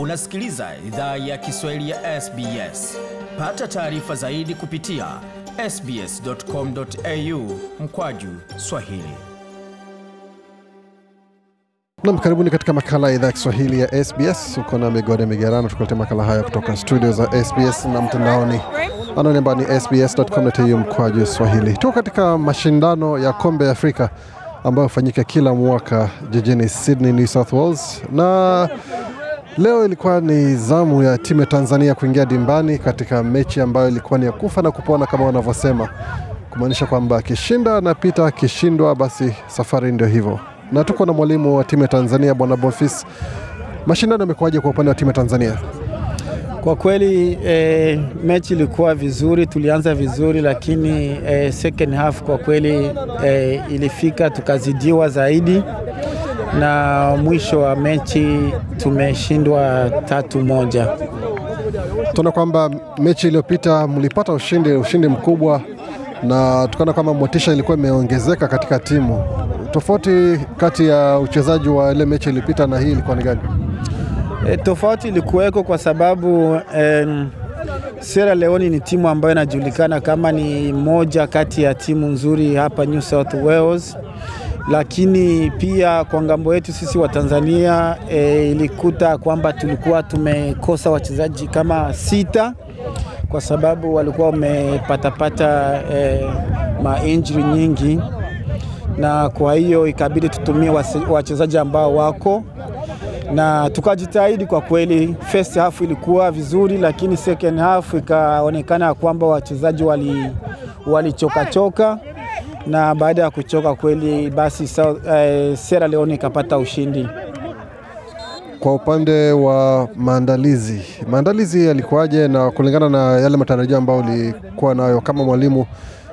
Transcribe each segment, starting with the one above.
Unasikiliza idhaa ya Kiswahili ya SBS. Pata taarifa zaidi kupitia sbs.com.au mkwaju swahili. Nam, karibuni katika makala ya idhaa ya Kiswahili ya SBS. Uko na Migode Migerano tukuletea makala haya kutoka studio za SBS na mtandaoni anwani ambao ni sbs.com.au mkwaju swahili. Tuko katika mashindano ya kombe ya Afrika ambayo hufanyika kila mwaka jijini Sydney, New South Wales na Leo ilikuwa ni zamu ya timu ya Tanzania kuingia dimbani katika mechi ambayo ilikuwa ni ya kufa na kupona kama wanavyosema, kumaanisha kwamba akishinda anapita, akishindwa basi safari ndio hivyo. Na tuko na mwalimu wa timu ya Tanzania Bwana Bonfis. mashindano yamekuwaje kwa upande wa timu ya Tanzania? Kwa kweli eh, mechi ilikuwa vizuri, tulianza vizuri, lakini eh, second half kwa kweli eh, ilifika tukazidiwa zaidi na mwisho wa mechi tumeshindwa tatu moja. Tuna kwamba mechi iliyopita mlipata ushindi, ushindi mkubwa, na tukaona kwamba motisha ilikuwa imeongezeka katika timu. Tofauti kati ya uchezaji wa ile mechi iliyopita na hii ilikuwa ni gani? E, tofauti ilikuweko kwa sababu em, Sierra Leone ni timu ambayo inajulikana kama ni moja kati ya timu nzuri hapa New South Wales lakini pia kwa ngambo yetu sisi wa Tanzania e, ilikuta kwamba tulikuwa tumekosa wachezaji kama sita kwa sababu walikuwa wamepatapata e, mainjuri nyingi, na kwa hiyo ikabidi tutumie wachezaji ambao wako na tukajitahidi kwa kweli. First half ilikuwa vizuri, lakini second half ikaonekana kwamba wachezaji walichokachoka wali na baada ya kuchoka kweli, basi South, eh, Sierra Leone ikapata ushindi. Kwa upande wa maandalizi, maandalizi yalikuwaje na kulingana na yale matarajio ambayo ulikuwa nayo kama mwalimu,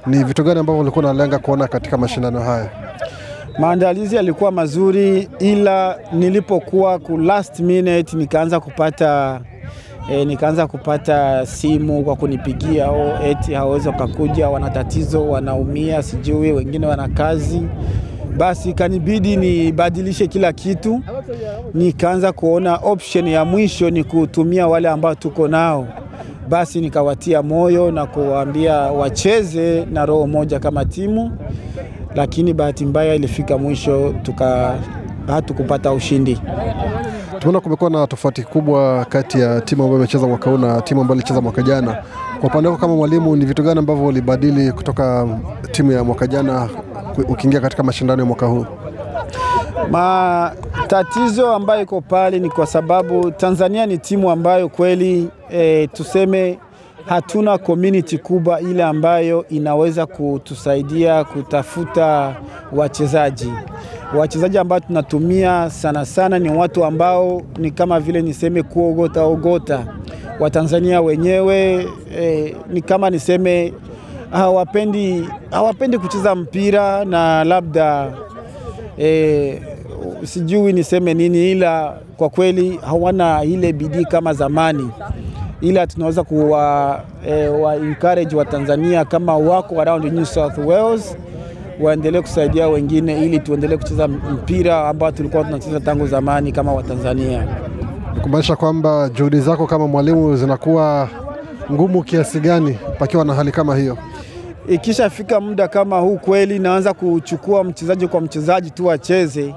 ni vitu gani ambavyo ulikuwa unalenga kuona katika mashindano haya? Maandalizi yalikuwa mazuri, ila nilipokuwa ku last minute nikaanza kupata E, nikaanza kupata simu kwa kunipigia o, oh, eti hawawezi wakakuja, wana tatizo, wanaumia, sijui wengine wana kazi. Basi kanibidi nibadilishe kila kitu, nikaanza kuona option ya mwisho ni kutumia wale ambao tuko nao. Basi nikawatia moyo na kuwaambia wacheze na roho moja kama timu, lakini bahati mbaya ilifika mwisho tuka hatukupata ushindi. Tumeona kumekuwa na tofauti kubwa kati ya timu ambayo imecheza mwaka huu na timu ambayo ilicheza mwaka jana. Kwa upande wako kama mwalimu, ni vitu gani ambavyo ulibadili kutoka timu ya mwaka jana ukiingia katika mashindano ya mwaka huu? Ma, tatizo ambayo iko pale ni kwa sababu Tanzania ni timu ambayo kweli e, tuseme hatuna community kubwa ile ambayo inaweza kutusaidia kutafuta wachezaji Wachezaji ambao tunatumia sana sana ni watu ambao ni kama vile niseme kuogota ogota Watanzania wenyewe eh, ni kama niseme hawapendi hawapendi kucheza mpira na labda eh, sijui niseme nini, ila kwa kweli hawana ile bidii kama zamani, ila tunaweza kuwa eh, wa encourage Tanzania kama wako around New South Wales waendelee kusaidia wengine, ili tuendelee kucheza mpira ambao tulikuwa tunacheza tangu zamani kama Watanzania. Kumaanisha kwamba juhudi zako kama mwalimu zinakuwa ngumu kiasi gani pakiwa na hali kama hiyo? Ikishafika muda kama huu, kweli naanza kuchukua mchezaji kwa mchezaji tu acheze,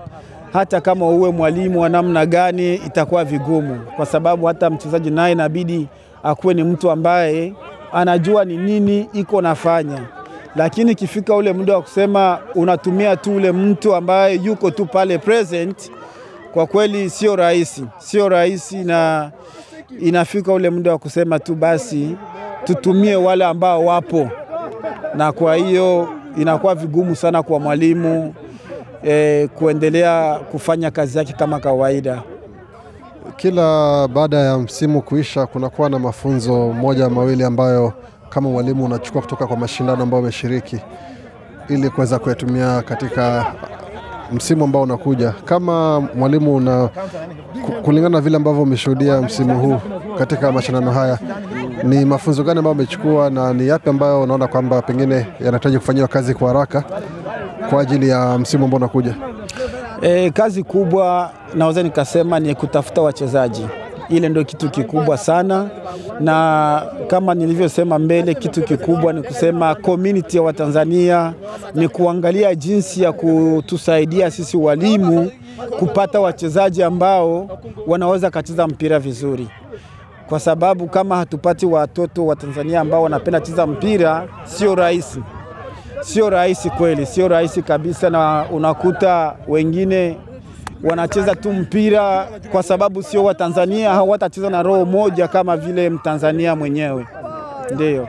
hata kama uwe mwalimu wa namna gani, itakuwa vigumu, kwa sababu hata mchezaji naye inabidi akuwe ni mtu ambaye anajua ni nini iko nafanya lakini ikifika ule muda wa kusema unatumia tu ule mtu ambaye yuko tu pale present, kwa kweli sio rahisi, sio rahisi, na inafika ule muda wa kusema tu basi tutumie wale ambao wapo, na kwa hiyo inakuwa vigumu sana kwa mwalimu eh, kuendelea kufanya kazi yake kama kawaida. Kila baada ya msimu kuisha, kunakuwa na mafunzo moja mawili ambayo kama mwalimu unachukua kutoka kwa mashindano ambayo umeshiriki ili kuweza kuyatumia katika msimu ambao unakuja kama mwalimu una kulingana na vile ambavyo umeshuhudia msimu huu katika mashindano haya, ni mafunzo gani ambayo umechukua na ni yapi ambayo unaona kwamba pengine yanahitaji kufanyiwa kazi kwa haraka kwa ajili ya msimu ambao unakuja? E, kazi kubwa naweza nikasema ni kutafuta wachezaji ile ndio kitu kikubwa sana, na kama nilivyosema mbele, kitu kikubwa ni kusema community ya Watanzania ni kuangalia jinsi ya kutusaidia sisi walimu kupata wachezaji ambao wanaweza kacheza mpira vizuri, kwa sababu kama hatupati watoto wa Tanzania ambao wanapenda cheza mpira, sio rahisi, sio rahisi kweli, sio rahisi kabisa, na unakuta wengine wanacheza tu mpira kwa sababu sio Watanzania, watacheza na roho moja kama vile Mtanzania mwenyewe. Ndio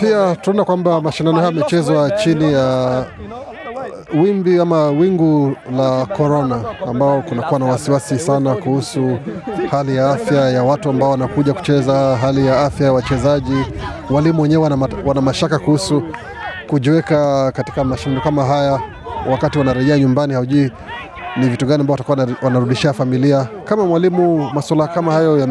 pia tunaona kwamba mashindano haya yamechezwa chini ya wimbi ama wingu la korona, ambao kunakuwa na wasiwasi sana kuhusu hali ya afya ya watu ambao wanakuja kucheza, hali ya afya ya wachezaji. Walimu wenyewe wana, wana mashaka kuhusu kujiweka katika mashindano kama haya wakati wanarejea nyumbani, haujui ni vitu gani ambao watakuwa wanarudishia familia. Kama mwalimu, masuala kama hayo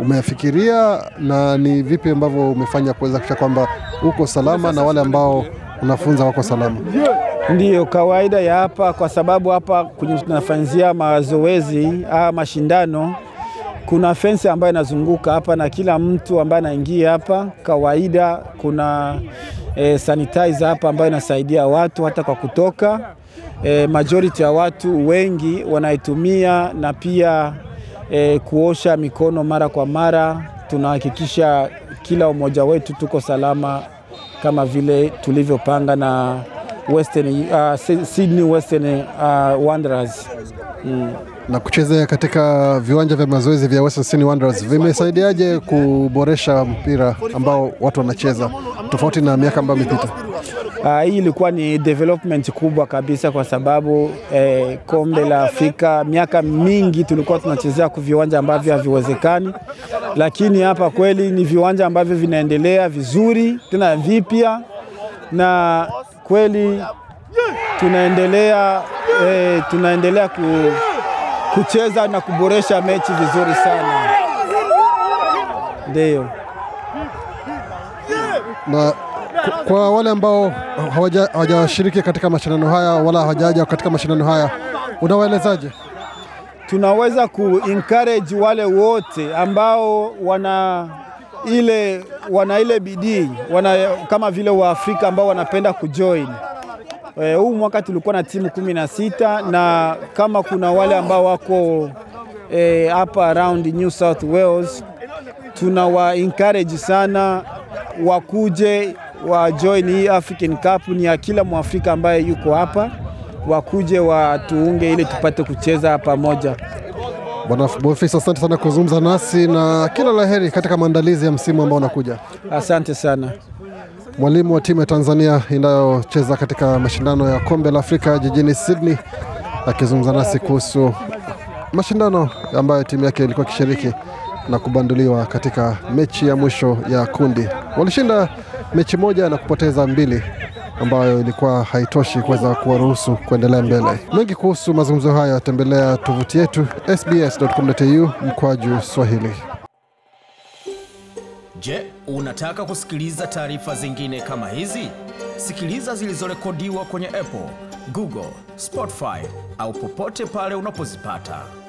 umefikiria na ni vipi ambavyo umefanya kuweza kuhakikisha kwamba uko salama na wale ambao unafunza wako salama? Ndiyo kawaida ya hapa, kwa sababu hapa kwenye tunafanyia mazoezi au mashindano kuna fensi ambayo inazunguka hapa na kila mtu ambaye anaingia hapa kawaida kuna e, sanitizer hapa ambayo inasaidia watu hata kwa kutoka e, majority ya watu wengi wanaitumia na pia e, kuosha mikono mara kwa mara. Tunahakikisha kila umoja wetu tuko salama kama vile tulivyopanga na Western, uh, Sydney Western uh, Wanderers mm. Na kuchezea katika viwanja vya mazoezi vya Western Sydney Wanderers vimesaidiaje kuboresha mpira ambao watu wanacheza tofauti na miaka ambayo imepita? Uh, hii ilikuwa ni development kubwa kabisa kwa sababu eh, kombe la Afrika miaka mingi tulikuwa tunachezea kwa viwanja ambavyo haviwezekani, lakini hapa kweli ni viwanja ambavyo vinaendelea vizuri tena vipya na kweli tunaendelea, eh, tunaendelea ku, kucheza na kuboresha mechi vizuri sana, ndiyo na kwa wale ambao hawajashiriki katika mashindano haya wala hawajaja katika mashindano haya unawaelezaje? Tunaweza ku encourage wale wote ambao wana ile wana ile bidii wana kama vile Waafrika ambao wanapenda kujoin eh, huu mwaka tulikuwa na timu kumi na sita na kama kuna wale ambao wako hapa eh, e, around New South Wales tunawa encourage sana wakuje wa join hii African Cup. Ni ya kila Mwafrika ambaye yuko hapa, wakuje watuunge ili tupate kucheza pamoja. Bwana Boniface, asante sana kuzungumza nasi na kila la heri katika maandalizi ya msimu ambao unakuja. Asante sana. Mwalimu wa timu ya Tanzania inayocheza katika mashindano ya kombe la Afrika jijini Sydney, akizungumza nasi kuhusu mashindano ambayo timu yake ilikuwa ikishiriki na kubanduliwa katika mechi ya mwisho ya kundi. Walishinda mechi moja na kupoteza mbili ambayo ilikuwa haitoshi kuweza kuwaruhusu kuendelea mbele. Mengi kuhusu mazungumzo haya, tembelea tovuti yetu sbs.com.au mkwaju Swahili. Je, unataka kusikiliza taarifa zingine kama hizi? Sikiliza zilizorekodiwa kwenye Apple, Google, Spotify au popote pale unapozipata.